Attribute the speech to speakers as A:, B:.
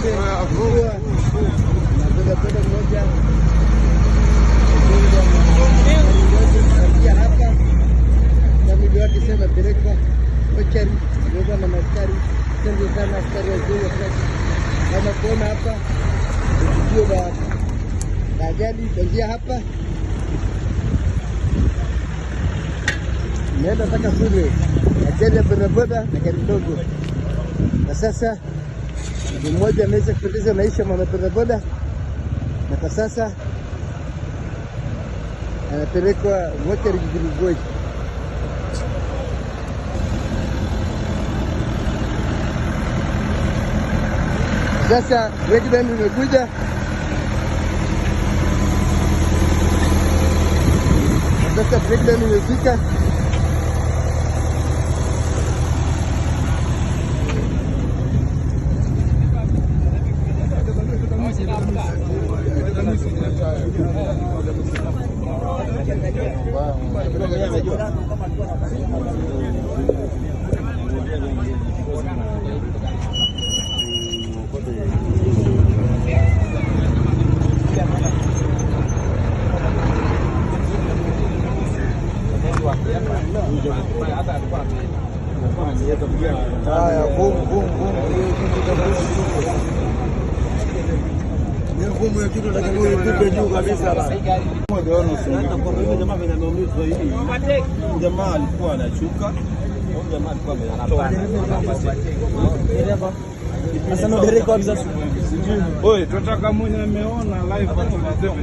A: Ng'ombe na bodaboda moja aia hapa na mwili wake sasa umepelekwa mochari, amewekwa na sana, askari wazuri kama kuona hapa tukio la ajali hapa naenda kule ajali ya bodaboda na gari ndogo, na sasa mmoja ameweza kupoteza maisha, mwana bodaboda, na kwa sasa anapelekwa mochari jijini Goji. Sasa breakdown imekuja sasa, breakdown imefika. Haya, boom boom boom ngumu ya kitu
B: tunataka mwenye ameona live hapo tunasema